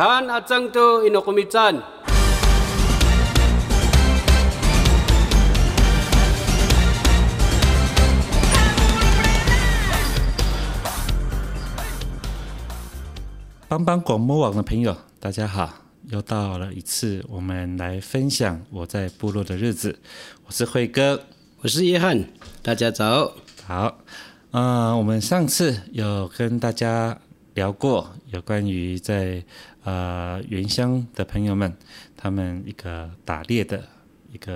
約翰，阿昌托，ino kumitan。幫幫廣播網的朋友，大家好！又到了一次，我們來分享我在部落的日子。我是慧哥，我是約翰，大家早好。嗯、呃，我們上次有跟大家聊過有關於在。呃，原鄉的朋友們，他們一個打獵的一個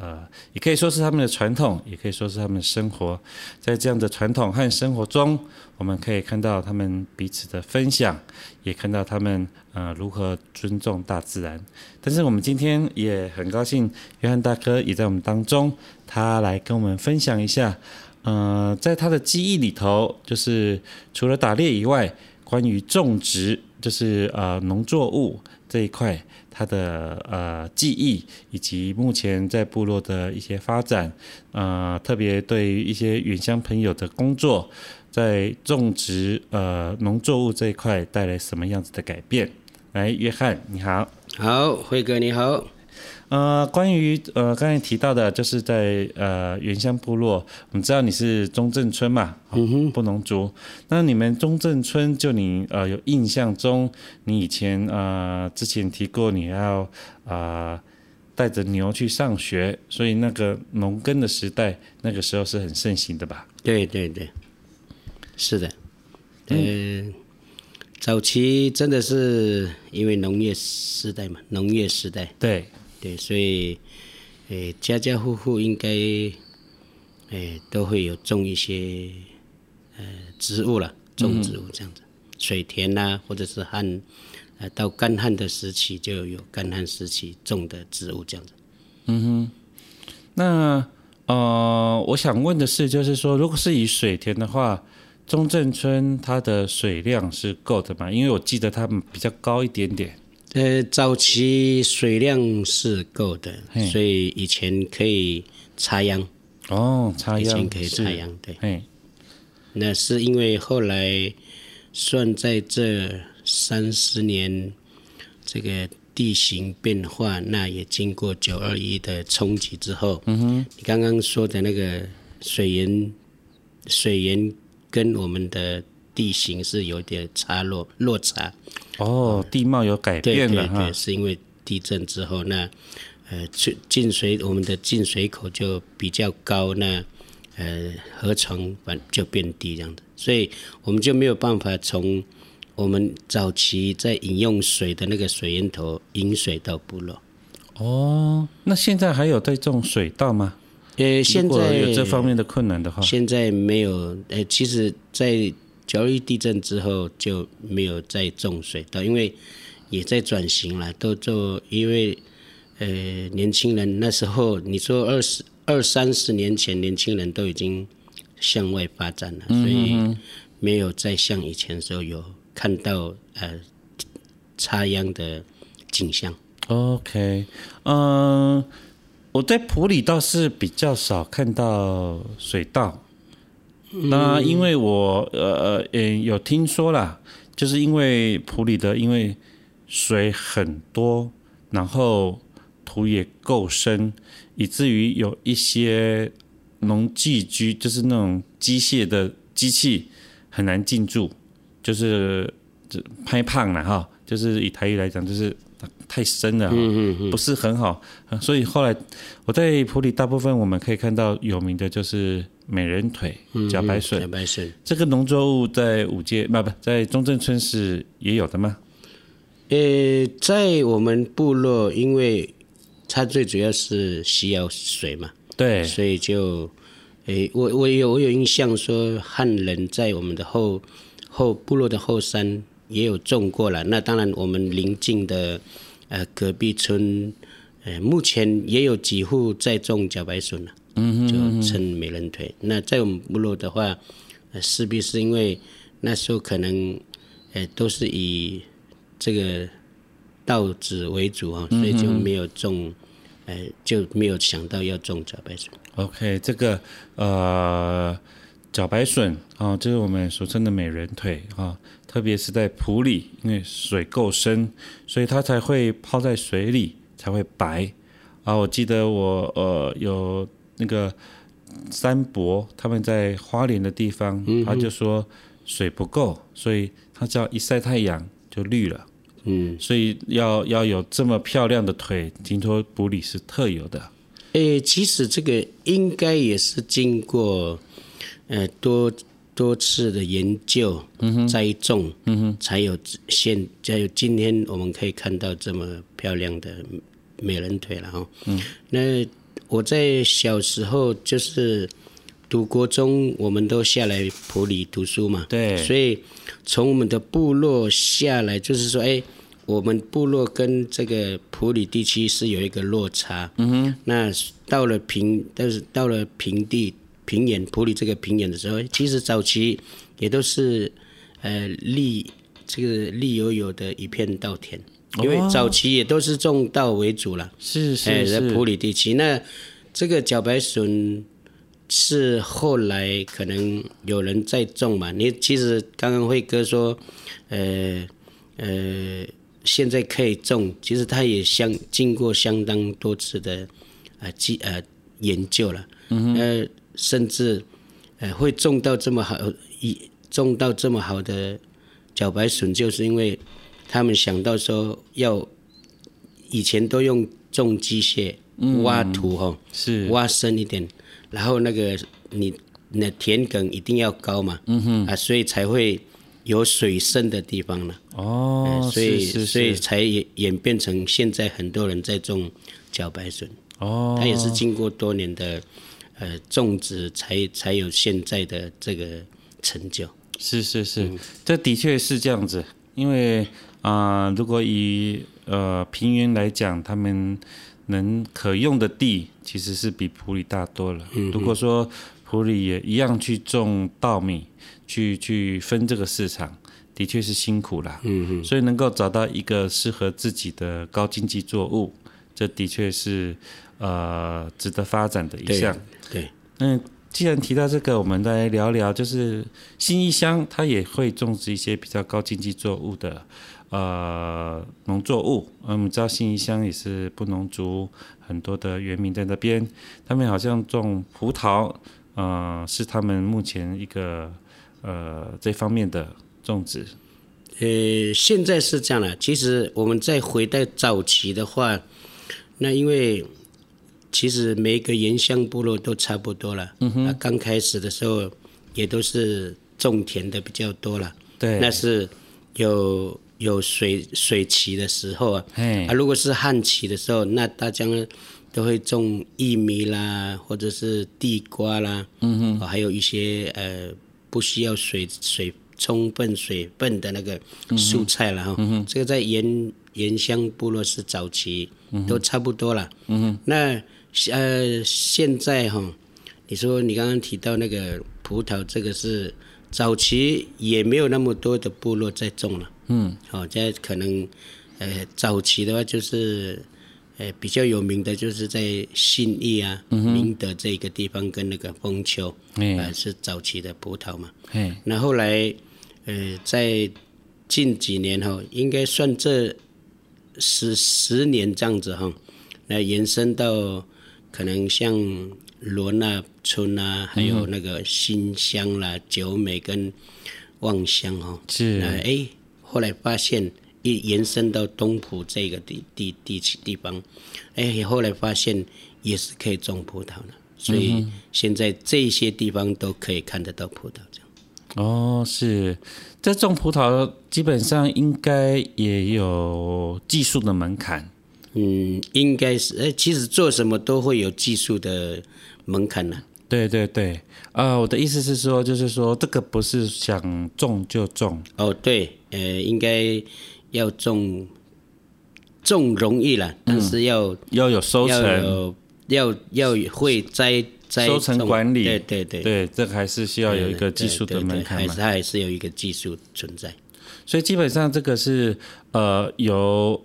呃，也可以說是他們的傳統，也可以說是他們的生活。在這樣的傳統和生活中，我們可以看到他們彼此的分享，也看到他們呃如何尊重大自然。但是我們今天也很高興，約翰大哥也在我們當中，他來跟我們分享一下，呃，在他的記憶裡頭，就是除了打獵以外，關於種植。就是呃，農作物這一塊，它的呃技藝以及目前在部落的一些發展，呃，特別對於一些原鄉朋友的工作，在種植呃農作物這一塊帶來什麼樣子的改變？哎，約翰，你好。好，慧哥，你好。呃，關於呃剛才提到的，就是在呃原鄉部落，我們知道你是中正村嘛，哦、布農族。嗯。那你們中正村，就你呃有印象中，你以前呃之前提過你要啊帶着牛去上學，所以那個農耕的時代，那個時候是很盛行的吧？對對對，是的。嗯，呃、早期真的是因為農業時代嘛，農業時代。對。對，所以，誒、呃，家家戶戶應該，誒、呃，都會有種一些，呃，植物啦，種植物這樣子，嗯、水田吶、啊，或者是旱，呃，到乾旱的時期就有乾旱時期種的植物這樣子。嗯哼。那呃，我想問的是，就是說，如果是以水田的話，中正村它的水量是夠的嗎？因為我記得它比較高一點點。呃，早期水量是夠的，所以以前可以插秧。哦，插秧，以前可以插秧的。對，那是因為後來算在這三十年，這個地形變化，那也經過九二一的衝擊之後。嗯哼，你剛剛說的那個水源，水源跟我們的。地形是有點差落，落差，哦，地貌有改變了，對、對、對，是因為地震之後呢，呃，進、進水，我們的進水口就比較高，那呃河床就變低這樣的，所以我們就沒有辦法從我們早期在飲用水的那個水源頭引水到部落。哦，那現在還有在種水稻嗎？呃，現在如果有這方面的困難的話，現在沒有。呃，其實在九二一地震之後就沒有再種水稻，因為也在轉型了，都做，因為呃年輕人那時候你說二十二三十年前年輕人都已經向外發展了，嗯、所以沒有再像以前時候有看到呃插秧的景象。OK，嗯、uh，我在埔里倒是比較少看到水稻。嗯、那因為我呃呃有聽說啦，就是因為埔里的，因為水很多，然後土也夠深，以至於有一些農機具，就是那種機械的機器很難進駐，就是這拍胖了哈，就是以台語來講就是、啊、太深了，嗯，不是很好，嗯，所以後來我在埔里大部分我們可以看到有名的就是。美人腿、茭白筍、嗯，這個農作物在武界，不不在中正村是也有的嗎？呃、欸，在我們部落，因為它最主要是需要水嘛，對，所以就，誒、欸，我我有我有印象說漢人在我們的後後部落的後山也有種過了。那當然，我們鄰近的呃隔壁村，誒、呃，目前也有幾戶在種茭白筍呢、啊。嗯，就稱美人腿。Mm -hmm. 那在我們部落的話、呃，勢必是因為那時候可能，誒、呃，都是以這個稻子為主啊、哦，mm -hmm. 所以就沒有種，誒、呃，就沒有想到要種茭白筍。OK，這個呃，茭白筍啊、哦，就是我們俗稱的美人腿啊、哦，特別是在埔里，因為水夠深，所以它才會泡在水裡才會白啊、哦。我記得我呃有。那個三伯他們在花蓮的地方，他就說水不夠，所以他只要一曬太陽就綠了。嗯，所以要要有這麼漂亮的腿，聽說埔里是特有的。誒、欸，其實這個應該也是經過呃多多次的研究、嗯，栽種，嗯哼，嗯哼才有現才有今天我們可以看到這麼漂亮的美人腿了哈。嗯，那。我在小時候就是讀國中，我們都下來普里讀書嘛，對，所以從我們的部落下來，就是說，哎，我們部落跟這個普里地區是有一個落差。嗯哼，那到了平，但，就是到了平地平原普里這個平原的時候，其實早期也都是呃，綠這個綠油油的一片稻田。因為早期也都是種稻為主了，oh, 呃，是是是，在埔里地區那這個茭白筍是後來可能有人在種嘛。你其實剛剛慧哥說，呃呃，現在可以種，其實他也相經過相當多次的呃積呃研究了，嗯呃，甚至呃會種到這麼好一種到這麼好的茭白筍，就是因為。他們想到說要以前都用重機械挖土哈，哦嗯，是挖深一點，然後那個你那田埂一定要高嘛，嗯哼啊，所以才會有水深的地方呢。哦，呃、所以是是是所以才演演變成現在很多人在種茭白筍。哦，它也是經過多年的呃種植才才有現在的這個成就。是是是，嗯、這的確是這樣子。因為啊、呃，如果以呃平原來講，他們能可用的地其實是比普里大多了、嗯。如果說普里也一樣去種稻米，去去分這個市場，的確是辛苦啦、嗯。所以能夠找到一個適合自己的高經濟作物，這的確是呃值得發展的一項。對，那。呃既然提到這個，我們來聊聊，就是信義鄉，它也會種植一些比較高經濟作物的呃農作物。我們知道信義鄉也是布農族很多的原民在那邊，他們好像種葡萄，呃，是他們目前一個呃這方面的種植。呃，現在是這樣的，其實我們再回到早期的話，那因為。其實每一個鹽鄉部落都差不多了、嗯哼。剛開始的時候也都是種田的比較多了。對。那是有有水水期的時候啊。哎、啊。如果是旱期的時候，那大家都會種玉米啦，或者是地瓜啦。嗯哦、還有一些呃不需要水水充分水分的那個蔬菜了。嗯。這個在鹽鹽鄉部落是早期。嗯。都差不多了。嗯那。呃，現在哈，你說你剛剛提到那個葡萄，這個是早期也沒有那麼多的部落在種了。嗯。好，這在可能，呃，早期的話就是，呃，比較有名的就是在信義啊、明德這個地方跟那個豐丘，哎，是早期的葡萄嘛。那後來，呃，在近幾年哈，應該算這十十年這樣子哈，來延伸到。可能像羅納村啊，還有那個新鄉啦、啊嗯、久美跟望鄉哦，是哎、欸，後來發現一延伸到東埔這個地地地區地方，哎、欸，後來發現也是可以種葡萄的，所以現在這些地方都可以看得到葡萄。這樣、嗯、哦，是這種葡萄基本上應該也有技術的門檻。嗯，應該是誒、欸，其實做什麼都會有技術的門檻呢、啊。對對對，啊、呃，我的意思是說，就是說這個不是想種就種。哦，對，呃，應該要種，種容易了，但是要、嗯、要有收成，要要，要，要會栽栽收成管理。對對對對，這個、還是需要有一個技術的門檻嘛。對對對還是，它還是有一個技術存在。所以基本上這個是呃，有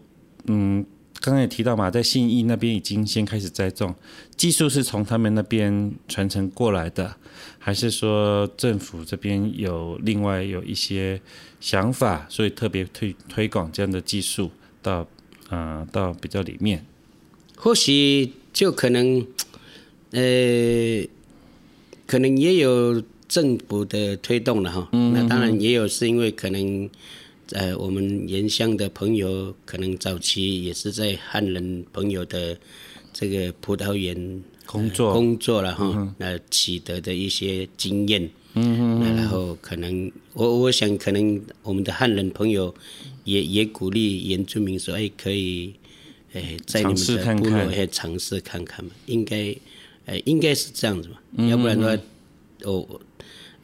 嗯。剛才也提到嘛，在信義那邊已經先開始栽種，技術是從他們那邊傳承過來的，還是說政府這邊有另外有一些想法，所以特別推推廣這樣的技術到，呃，到比較裡面，或許就可能，呃，可能也有政府的推動了哈、哦，那當然也有是因為可能。在、呃、我們原鄉的朋友，可能早期也是在漢人朋友的這個葡萄園工作、呃、工作了哈，那、嗯呃、取得的一些經驗，嗯哼嗯哼，然後可能我我想可能我們的漢人朋友也也鼓勵原住民說，哎、欸、可以，哎、呃、在你們的部落先嘗試看看嘛，應該，哎、呃、應該是這樣子嘛，要不然的話，嗯、哦，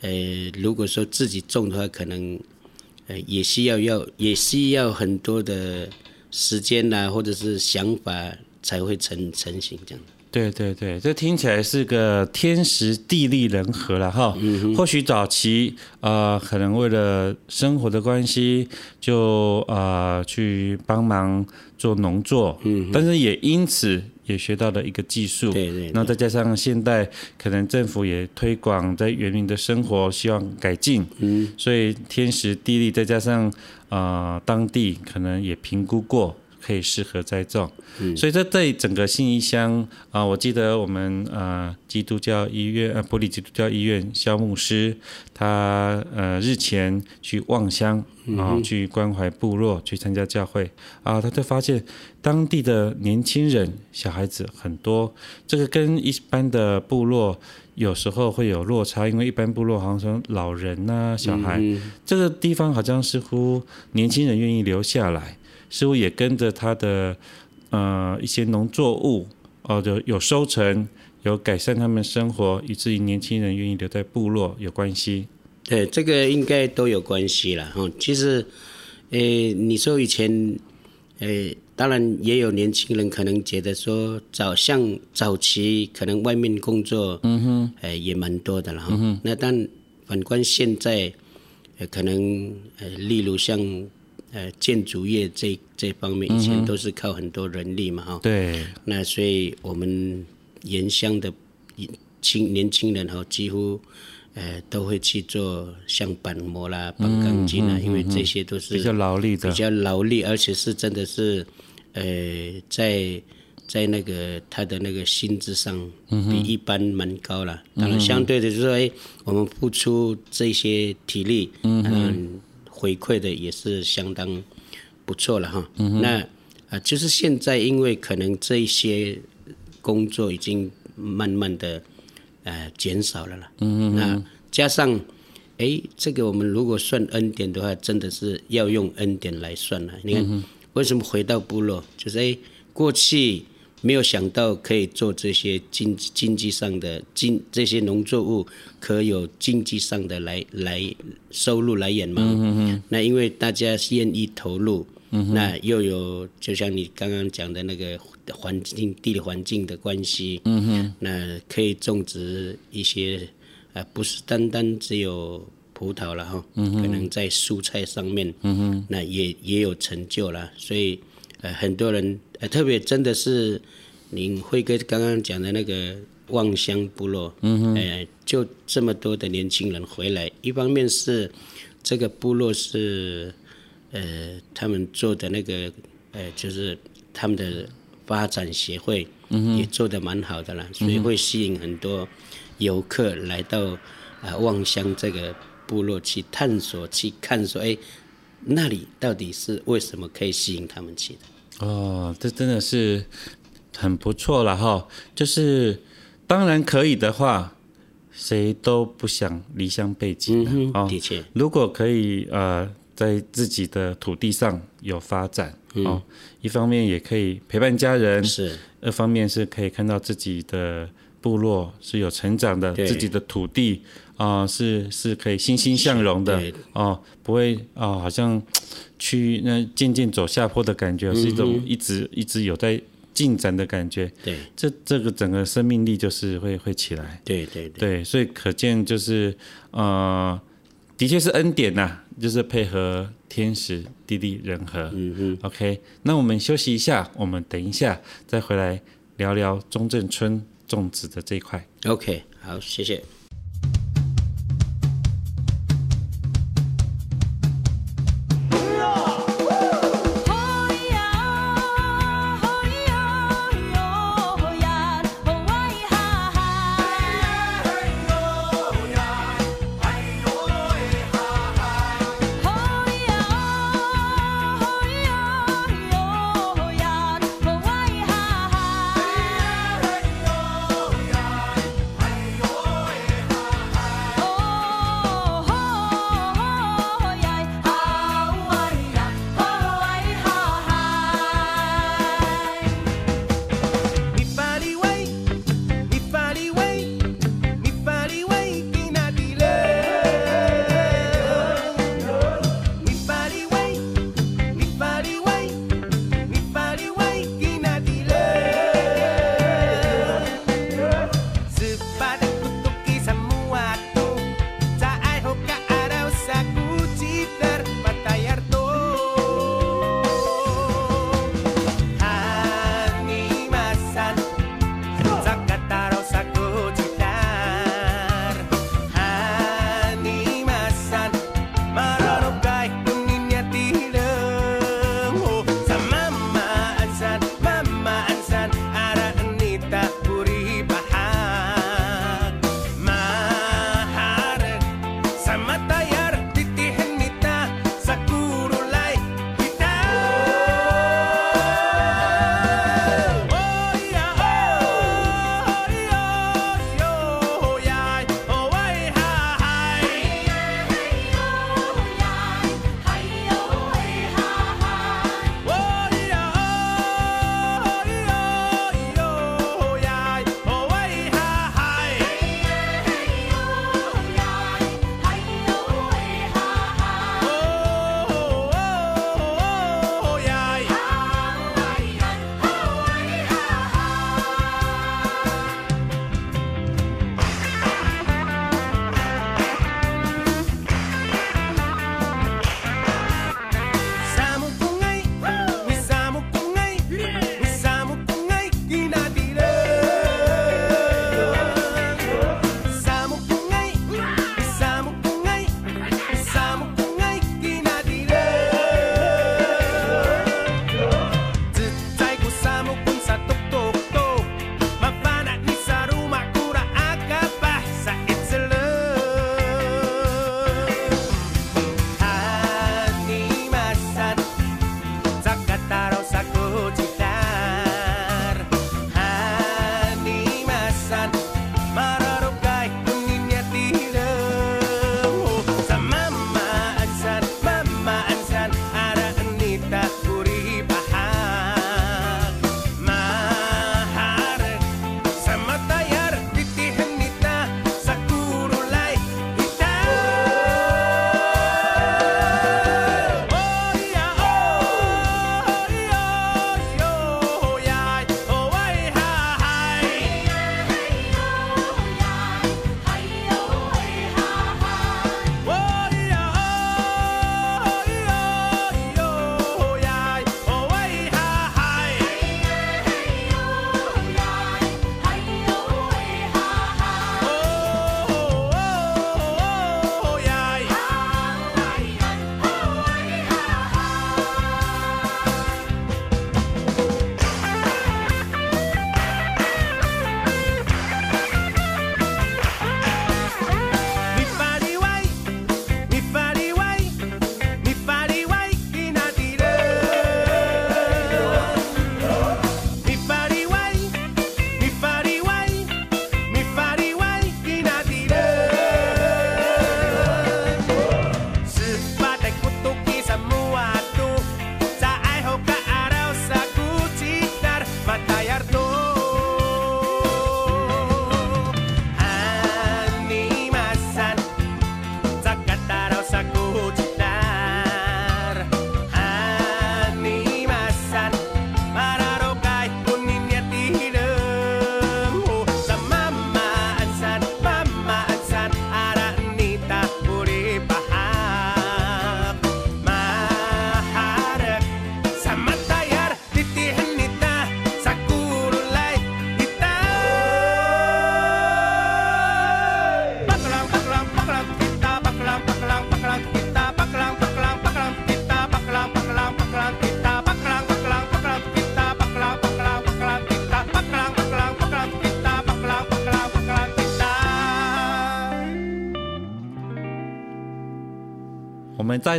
呃如果說自己種的話，可能。也需要要也需要很多的時間啦、啊，或者是想法才會成成型這樣的。對對對，這聽起來是個天時地利人和了哈、嗯。或許早期啊、呃，可能為了生活的關係就，就、呃、啊去幫忙做農作。嗯。但是也因此。也學到了一個技術，那再加上現代可能政府也推廣在原民的生活，希望改進，嗯，所以天時地利，再加上啊、呃，當地可能也評估過。可以適合栽種、嗯，所以這對整個信義鄉啊、呃，我記得我們呃基督教醫院呃埔里基督教醫院肖牧師，他呃日前去望鄉啊，然後去關懷部落，嗯、去參加教會啊、呃，他就發現當地的年輕人小孩子很多，這個跟一般的部落有時候會有落差，因為一般部落好像老人吶、啊、小孩、嗯，這個地方好像似乎年輕人願意留下來。似乎也跟着他的，呃，一些農作物，哦、呃，有有收成，有改善他們生活，以至於年輕人願意留在部落有關係。對，這個應該都有關係了。哦，其實，誒、呃，你說以前，誒、呃，當然也有年輕人可能覺得說早，早像早期可能外面工作，嗯哼，誒、呃，也蠻多的了、嗯。那但反觀現在，呃、可能、呃，例如像。呃，建築業這這方面以前都是靠很多人力嘛，哈、嗯哦。對。那所以我們原鄉的年輕、年輕人哈，幾乎呃都會去做像板模啦、綁鋼筋啦、嗯嗯，因為這些都是比較勞力的，比較勞力，而且是真的是呃，在在那個他的那個薪資上比一般蠻高了，嗯。當然，相對的就是說，哎、欸，我們付出這些體力，嗯。嗯回饋的也是相當不錯了哈，嗯、那啊、呃，就是現在因為可能這一些工作已經慢慢的呃減少了啦，嗯、那加上誒，這個我們如果算恩典的話，真的是要用恩典來算了。你看、嗯、為什麼回到部落，就是誒過去。沒有想到可以做這些經經濟上的經這些農作物，可有經濟上的來來收入來源嘛？Uh -huh. 那因為大家願意投入，uh -huh. 那又有就像你剛剛講的那個環境地理環境的關係，uh -huh. 那可以種植一些啊、呃，不是單單只有葡萄了哈、哦，uh -huh. 可能在蔬菜上面，uh -huh. 那也也有成就了，所以、呃、很多人。哎，特別真的是，你慧哥剛剛講的那個望鄉部落，哎、嗯欸，就這麼多的年輕人回來，一方面是這個部落是，呃，他們做的那個，呃，就是他們的發展協會也做得蠻好的了、嗯，所以會吸引很多遊客來到啊望鄉這個部落去探索、去看說，說、欸、哎，那裡到底是為什麼可以吸引他們去的？哦，這真的是很不錯了哈。就是當然可以的話，誰都不想離鄉背井。嗯，的確。哦，如果可以呃，在自己的土地上有發展，嗯，哦，一方面也可以陪伴家人，是；二方面是可以看到自己的部落是有成長的，自己的土地。啊、呃，是是可以欣欣向榮的哦、呃，不會哦、呃，好像去那漸漸走下坡的感覺，嗯、是一種一直一直有在進展的感覺。對，這這個整個生命力就是會會起來。對對對,對，所以可見就是呃，的確是恩典吶，就是配合天時地利人和。嗯嗯。OK，那我們休息一下，我們等一下再回來聊聊中正村種植的這一塊。OK，好，謝謝。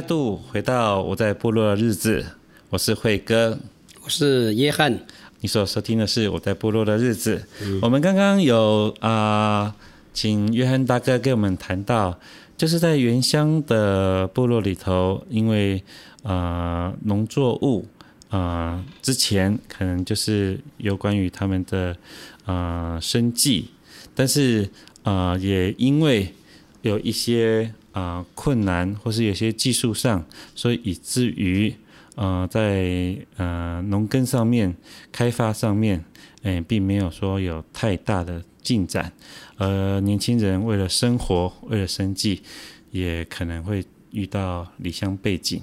再度回到我在部落的日子，我是慧哥，我是約翰。你所收聽的是我在部落的日子。嗯、我們剛剛有啊、呃，請約翰大哥給我們談到，就是在原鄉的部落裡頭，因為啊，農、呃、作物啊、呃，之前可能就是有關於他們的啊、呃、生計，但是啊、呃，也因為有一些。啊、呃，困難或是有些技術上，所以以至於呃，在呃農耕上面、開發上面，哎、欸，並沒有說有太大的進展。呃，年輕人為了生活、為了生計，也可能會遇到離鄉背井。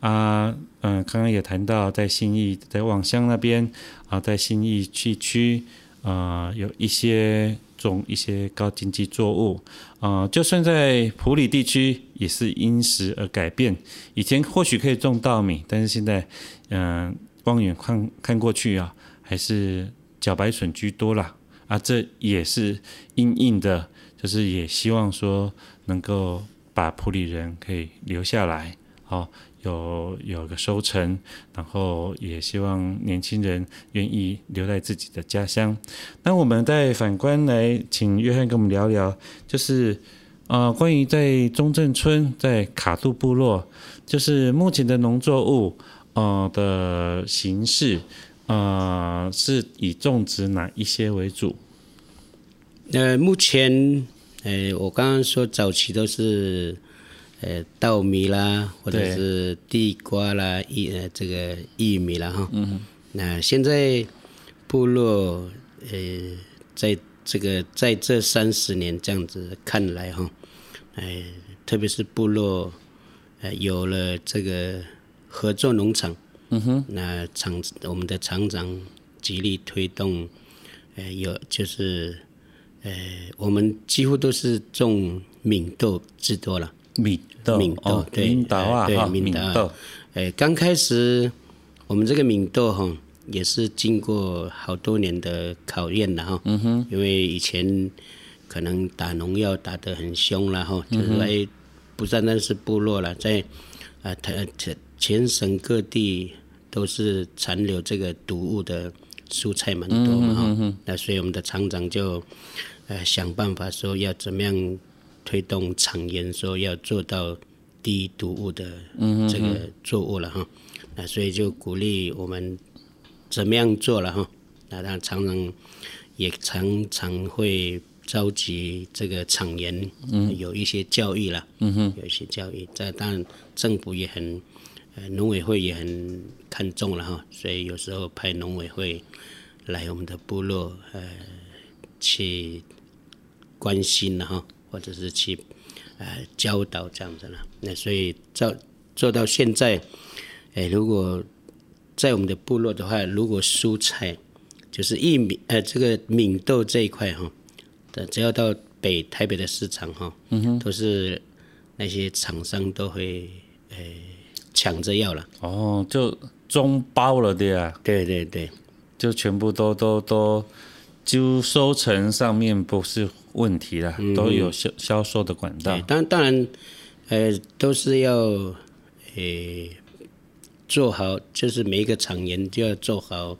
啊、呃，嗯、呃，剛剛也談到在信義、在望鄉那邊啊、呃，在信義去區啊，有一些。種一些高經濟作物，啊、呃，就算在埔里地區也是因時而改變。以前或許可以種稻米，但是現在，嗯、呃，望遠看看過去啊，還是茭白筍居多啦。啊，這也是因應的，就是也希望說能夠把埔里人可以留下來，好、哦。有有個收成，然後也希望年輕人願意留在自己的家鄉。那我們再反觀來，請約翰跟我們聊聊，就是啊、呃，關於在中正村、在卡杜部落，就是目前的農作物啊、呃、的形式啊、呃，是以種植哪一些為主？呃，目前，誒、呃，我剛剛說早期都是。呃，稻米啦，或者是地瓜啦，呃，這個玉米啦哈。嗯。那現在部落呃，在這個在這三十年這樣子看來哈，哎、呃，特別是部落呃有了這個合作農場。嗯哼。那廠我們的廠長極力推動，呃有就是呃我們幾乎都是種敏豆之多啦。敏豆，敏豆哦，對，敏豆啊對，敏豆。哎，剛、欸、開始我們這個敏豆哈，也是經過好多年的考驗了哈。因為以前可能打農藥打得很兇了哈，就是說、嗯，不單單是部落了，在啊，它全全省各地都是殘留這個毒物的蔬菜蠻多嘛哈、嗯。那所以我們的廠長就呃想辦法說要怎麼樣。推動廠員說要做到低毒物的這個作物了哈，嗯，那所以就鼓勵我們怎麼樣做了哈。那當然常常也常常會召集這個廠員、嗯，有一些教育了，嗯，有一些教育。在當然政府也很，呃，農委會也很看重了哈，所以有時候派農委會來我們的部落呃去關心了哈。或者是去，呃，教導這樣子了。那所以做做到現在，哎、呃，如果在我們的部落的話，如果蔬菜就是薏米，呃，這個敏豆這一塊哈，只要到北台北的市場哈，都是那些廠商都會呃搶着要了。哦，就中包了對啊。對對對，就全部都都都就收成上面不是。問題了，都有銷銷售的管道。當、嗯欸、當然，呃，都是要，呃，做好，就是每一個廠員就要做好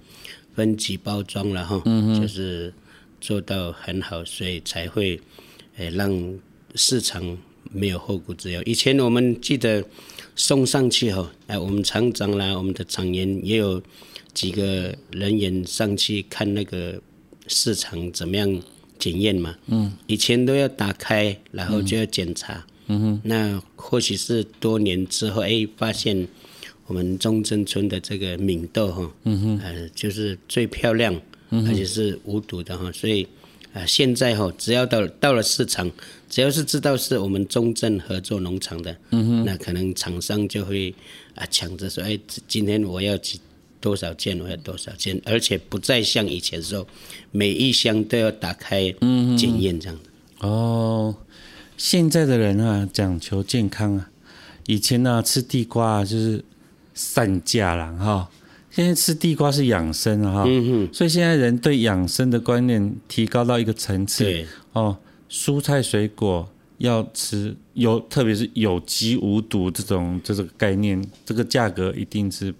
分級包裝了哈、嗯，就是做到很好，所以才會，呃，讓市場沒有後顧之憂。以前我們記得送上去後，哎、呃，我們廠長啦，我們的廠員也有幾個人員上去看那個市場怎麼樣。檢驗嘛，嗯，以前都要打開，然後就要檢查，嗯，嗯哼，那或許是多年之後，哎，發現我們中正村的這個敏豆，嗯哼，呃，就是最漂亮，嗯哼，而且是無毒的哈，所以，呃，現在哈，只要到到了市場，只要是知道是我們中正合作農場的，嗯哼，那可能廠商就會啊搶着說，哎，今天我要去多少件，或者多少件，而且不再像以前的時候，每一箱都要打開檢驗這樣，嗯、哦，現在的人啊，講求健康啊。以前呢，啊，吃地瓜、啊、就是散架了哈。現、哦、在吃地瓜是養生哈，哦嗯。所以現在人對養生的觀念提高到一個層次。對。哦，蔬菜水果要吃有，特別是有機無毒這種，這種概念，這個價格一定是。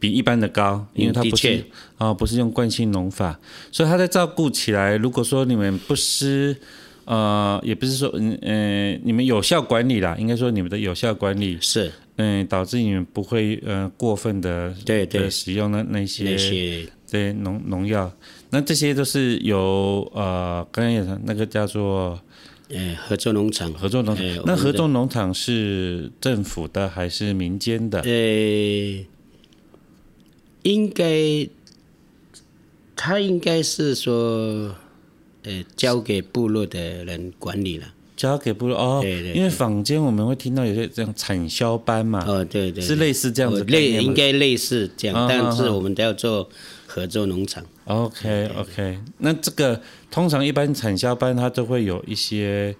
比一般的高，因為它不是啊、嗯哦，不是用慣性農法，所以它在照顧起來。如果說你們不施，呃，也不是說嗯嗯、呃，你們有效管理啦，應該說你們的有效管理是嗯、呃，導致你們不會嗯、呃，過分的對對使用那那些那些對農農藥，那這些都是由呃，剛剛也那個叫做呃、哎、合作農場，合作農場，哎、那合作農場是政府的還是民間的？對、哎。應該，他應該是說，呃，交給部落的人管理了。交給部落哦，對對對，因為坊間我們會聽到有些這樣產銷班嘛，哦對對對，是類似這樣子類，應該類似這樣哦哦哦，但是我們都要做合作農場。OK 對對對 OK，那這個通常一般產銷班它都會有一些。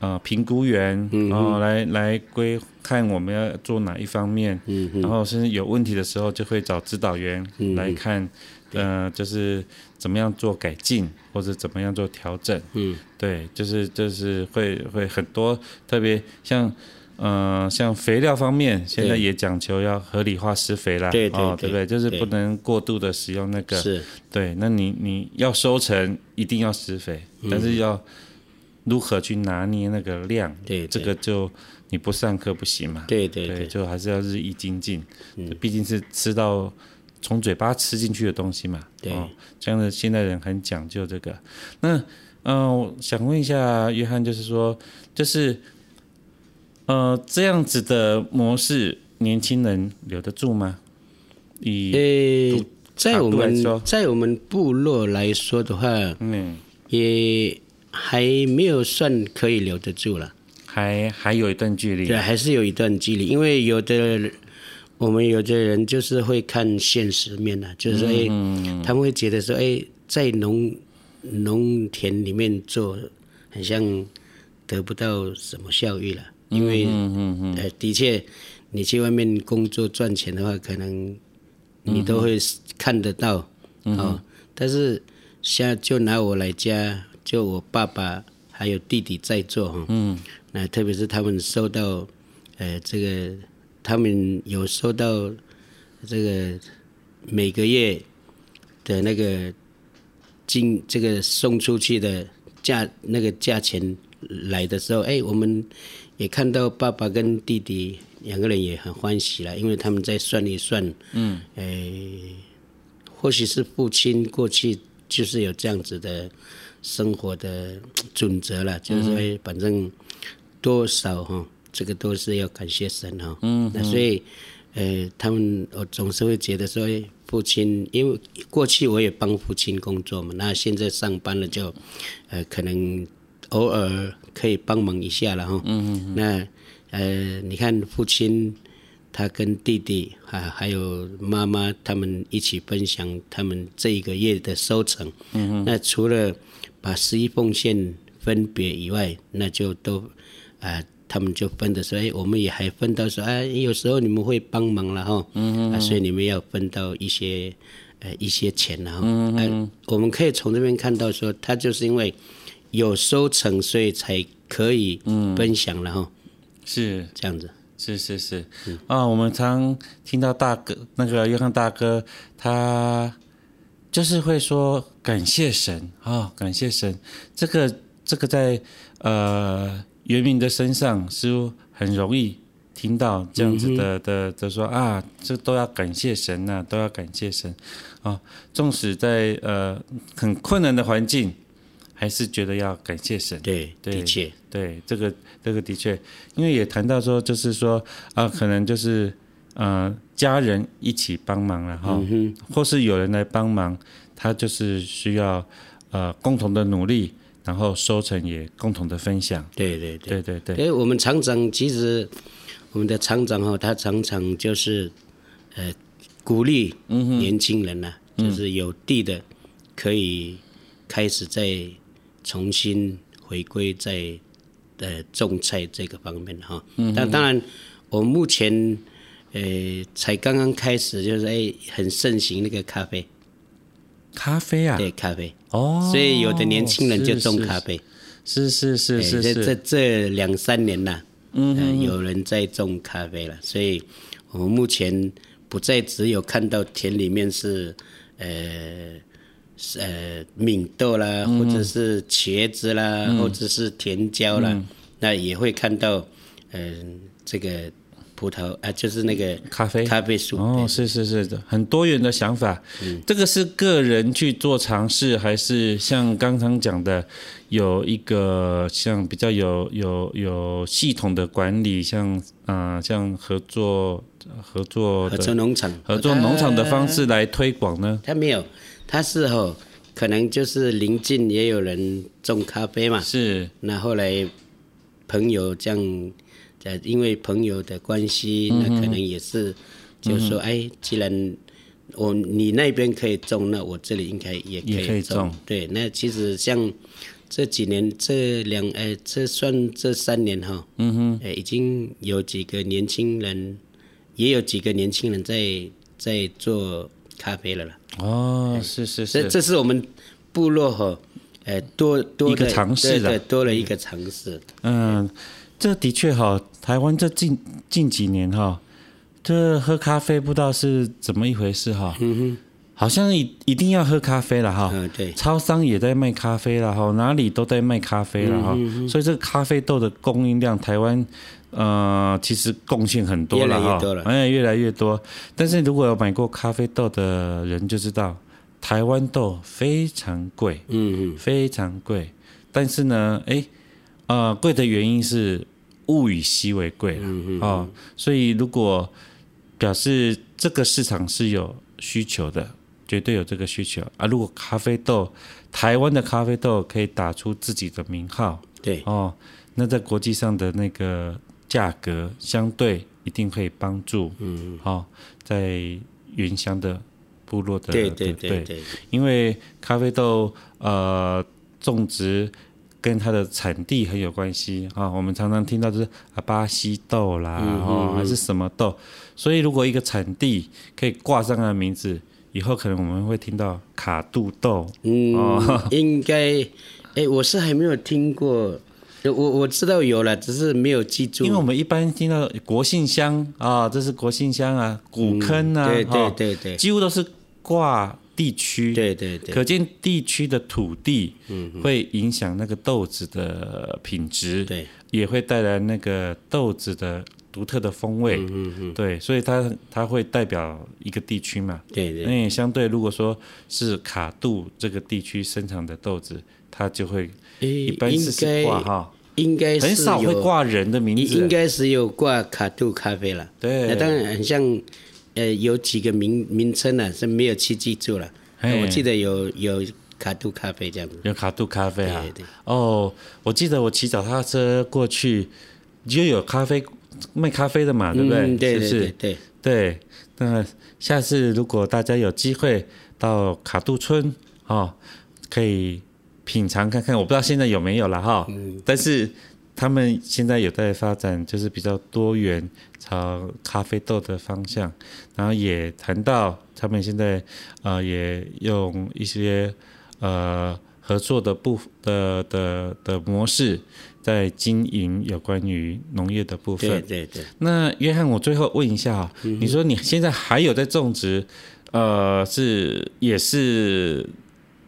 呃，評估員，嗯、然後來來規看我們要做哪一方面，嗯、然後甚至有問題的時候就會找指導員來看，嗯、呃，就是怎麼樣做改進或者怎麼樣做調整。嗯，對，就是就是會會很多，特別像呃像肥料方面，現在也講求要合理化施肥啦，對哦，對不對，對？就是不能過度的使用那個。是。對，那你你要收成一定要施肥，嗯、但是要。如何去拿捏那個量？對,對，這個就你不上課不行嘛。對對對，對就還是要日益精進。嗯，畢竟是吃到從嘴巴吃進去的東西嘛。對，哦、這樣的現代人很講究這個。那嗯、呃，我想問一下約翰，就是說，就是呃這樣子的模式，年輕人留得住嗎？以、欸、在我們來說，在我們部落來說的話，嗯，也。還沒有算可以留得住了，還還有一段距離。對，還是有一段距離，因為有的人我們有的人就是會看現實面吶、嗯，就是說，哎、欸，他們會覺得說，哎、欸，在農農田裡面做，很像得不到什麼效益了，因為，嗯嗯嗯、呃，的確，你去外面工作賺錢的話，可能你都會看得到，嗯、哦，但是，現在就拿我來講。就我爸爸還有弟弟在做哈、嗯，那特別是他們收到，呃，這個他們有收到這個每個月的那個金，這個送出去的價那個價錢來的時候，哎、欸，我們也看到爸爸跟弟弟兩個人也很歡喜了，因為他們在算一算，哎、嗯呃，或許是父親過去就是有這樣子的。生活的準則了，就是說，反正多少哈，這個都是要感謝神哦。嗯。那所以，呃，他們我總是會覺得說，父親因為過去我也幫父親工作嘛，那現在上班了就，呃，可能偶爾可以幫忙一下了哈。嗯。那呃，你看父親他跟弟弟啊，還有媽媽他們一起分享他們這一個月的收成。那除了把十一奉獻分別以外，那就都，啊、呃，他們就分的所以，欸、我們也還分到說，啊、呃，有時候你們會幫忙了哈，嗯，啊，所以你們要分到一些，呃，一些錢，然後嗯，呃，我們可以從這邊看到說，他就是因為有收成，所以才可以分享了哈，是，嗯，這樣子，是是是，啊，嗯哦，我們常聽到大哥那個約翰大哥，他就是會說。感謝神啊、哦！感謝神，這個這個在呃原民的身上似乎很容易聽到這樣子的、嗯、的，就說啊，這都要感謝神吶、啊，都要感謝神啊。縱、哦、使在呃很困難的環境，還是覺得要感謝神。對，對對，這個這個的確，因為也談到說，就是說啊、呃，可能就是呃家人一起幫忙了、啊、哈、哦嗯，或是有人來幫忙。他就是需要呃共同的努力，然後收成也共同的分享。對對對對對，對對。哎，我們廠長其實我們的廠長哈、哦，他常常就是呃鼓勵年輕人吶、啊嗯，就是有地的、嗯、可以開始再重新回歸在呃種菜這個方面哈、哦嗯。但當然，我目前呃才剛剛開始，就是哎很盛行那個咖啡。咖啡啊，對咖啡，哦、oh,，所以有的年輕人就種咖啡，是是是是，是，是，是，是、欸，這這這兩三年了、啊，嗯、呃，有人在種咖啡了，所以我們目前不再只有看到田裡面是呃呃敏豆啦，或者是茄子啦，嗯、或者是甜椒啦，嗯、那也會看到嗯、呃、這個。葡萄啊，就是那個咖啡，咖啡樹哦，是是是的，很多元的想法。嗯。這個是個人去做嘗試，還是像剛剛講的，有一個像比較有有有系統的管理，像啊、呃、像合作合作合作農場合作農場的方式來推廣呢？他沒有，他事後可能就是鄰近也有人種咖啡嘛，是那後來朋友這樣。呃、因為朋友的關係，那可能也是，就是說、嗯嗯，哎，既然我你那邊可以種，那我這裡應該也，也可以種。對，那其實像這幾年這兩，哎、呃，這算這三年哈，嗯哼、呃，已經有幾個年輕人，也有幾個年輕人在在做咖啡了啦。哦、呃，是是是，這是我們部落哈，哎、呃，多多一個嘗試的，對對對，多了一個嘗試。嗯。嗯這的確哈，台灣這近近幾年哈，這喝咖啡不知道是怎麼一回事哈，嗯哼，好像一一定要喝咖啡了哈、啊，對，超商也在賣咖啡了哈，哪裡都在賣咖啡了哈、嗯，所以這個咖啡豆的供應量，台灣呃其實貢獻很多，越來越多了哈，越來越多，但是如果有買過咖啡豆的人就知道，台灣豆非常貴，嗯嗯，非常貴，但是呢，哎，呃，貴的原因是。物以稀為貴啦，嗯嗯嗯，哦，所以如果表示這個市場是有需求的，絕對有這個需求啊。如果咖啡豆，台灣的咖啡豆可以打出自己的名號，對哦，那在國際上的那個價格相對一定會幫助，嗯，嗯、哦，在原鄉的部落的對對對對，對，對對對對，因為咖啡豆呃種植。跟它的產地很有關係啊，哦，我們常常聽到就是阿巴西豆啦，嗯嗯，還是什麼豆，所以如果一個產地可以掛上它的名字，以後可能我們會聽到卡杜豆。嗯，哦，應該，誒、欸，我是還沒有聽過，我我知道有了，只是沒有記住。因為我們一般聽到國姓鄉啊，這是國姓鄉啊，古坑啊，嗯，對對對對，幾乎都是掛。地區對對對，可見地區的土地會影響那個豆子的品質，對、嗯，也會帶來那個豆子的獨特的風味，嗯嗯對，所以它它會代表一個地區嘛，對、嗯、對，那也相對如果說是卡度這個地區生產的豆子，它就會一般是掛哈，應該是很少會掛人的名字、啊，應該是有掛卡度咖啡啦，對，那當然很像。呃，有幾個名名稱呢、啊？是沒有去記住了、啊。我記得有有卡杜咖啡這樣子。有卡杜咖啡啊。哦，我記得我騎腳踏車過去，就有咖啡賣咖啡的嘛，對不對？嗯、對對對對是是。對，那下次如果大家有機會到卡杜村，哦，可以品嘗看看。我不知道現在有沒有了哈、嗯，但是。他們現在有在發展，就是比較多元，朝咖啡豆的方向，然後也談到他們現在，呃，也用一些，呃，合作的部、呃、的的的模式，在經營有關於農業的部分。對對對。那約翰，我最後問一下，你說你現在還有在種植，嗯、呃，是也是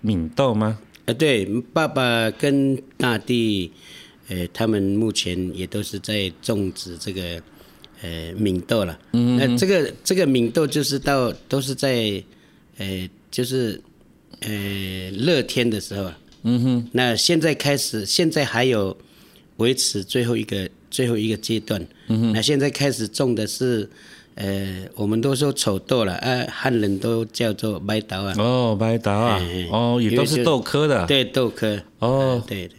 敏豆嗎？呃，對，爸爸跟大地。呃、欸，他們目前也都是在種植這個呃敏豆了。嗯，那這個這個敏豆就是到都是在呃就是呃熱天的時候啊。嗯哼。那現在開始，現在還有維持最後一個最後一個階段。嗯哼。那現在開始種的是呃我們都說醜豆了啊，漢人都叫做白豆啊。哦，白豆啊，呃、哦也都是豆科的。對，豆科。哦，對、呃、對。對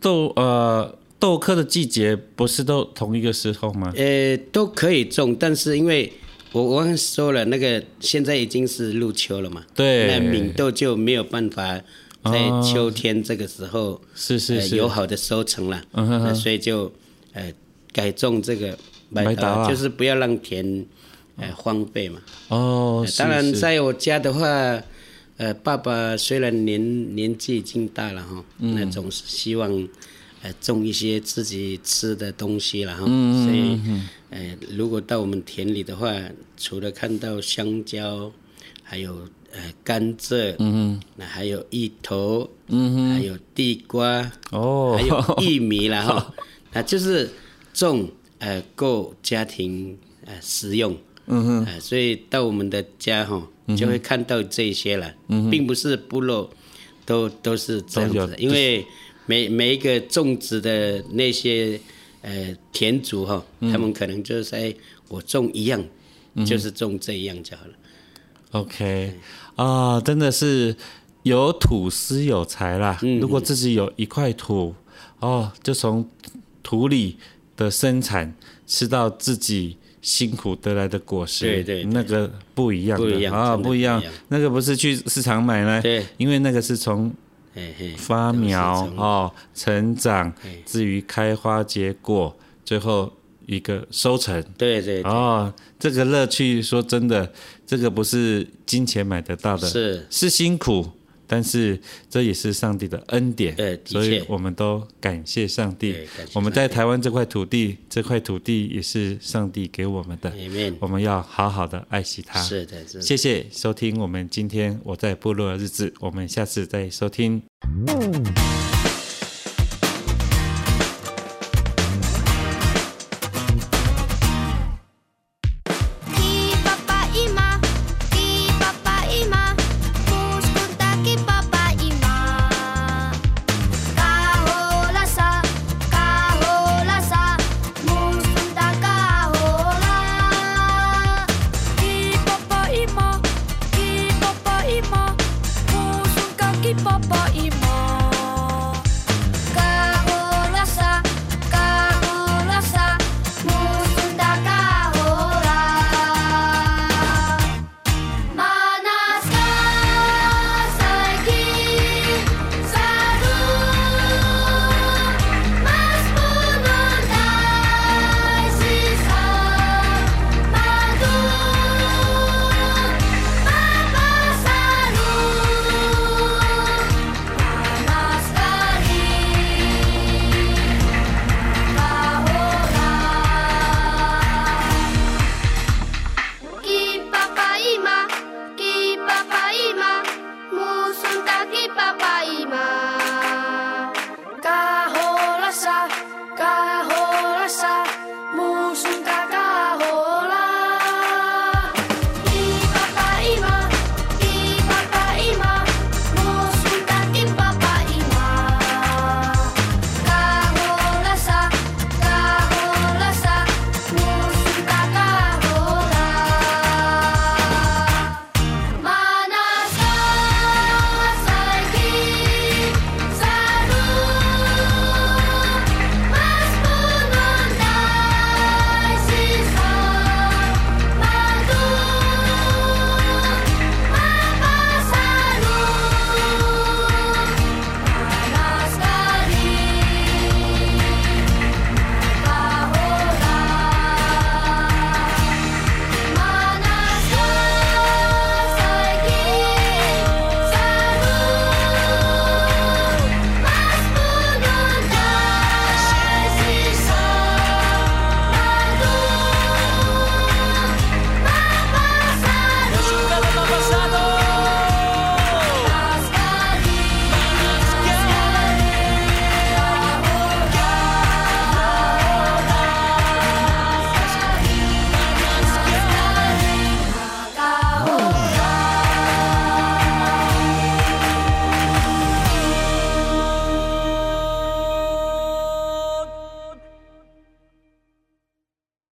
豆呃豆科的季節不是都同一個時候嗎？呃，都可以種，但是因為我我剛才說了那個現在已經是入秋了嘛，對，那、呃、敏豆就沒有辦法在秋天這個時候是是、哦呃、有好的收成了、呃，所以就呃改種這個白稻，就是不要讓田呃荒廢嘛。哦，是是呃、當然，在我家的話。爸爸雖然年，年紀已經大了、哦嗯、那總是希望，種一些自己吃的東西了哈、哦嗯呃。如果到我們田裡的話，除了看到香蕉，還有、呃、甘蔗，嗯、還有芋頭、嗯，還有地瓜，哦、還有玉米了、哦、 那就是種、呃、夠家庭、呃、食用、嗯呃，所以到我們的家、哦就會看到這些了、嗯，並不是部落都都是這樣子的、就是，因為每每一個種植的那些呃田主哈、哦嗯，他們可能就是說我種一樣，嗯、就是種這樣就好了。嗯、OK，啊、哦，真的是有土斯有財啦、嗯。如果自己有一塊土，哦，就從土裡的生產吃到自己。辛苦得來的果實，對對，對，那個不一樣的，不一樣啊，哦，不一樣。那個不是去市場買呢，因為那個是從發苗嘿嘿從哦，成長，至於開花結果，最後一個收成，對對，對，哦，這個樂趣，說真的，這個不是金錢買得到的，是是辛苦。但是這也是上帝的恩典，所以我們都感謝，感謝上帝。我們在台灣這塊土地，這塊土地也是上帝給我們的。Amen。我們要好好的愛惜它。謝謝收聽我們今天我在部落的日子，我們下次再收聽。嗯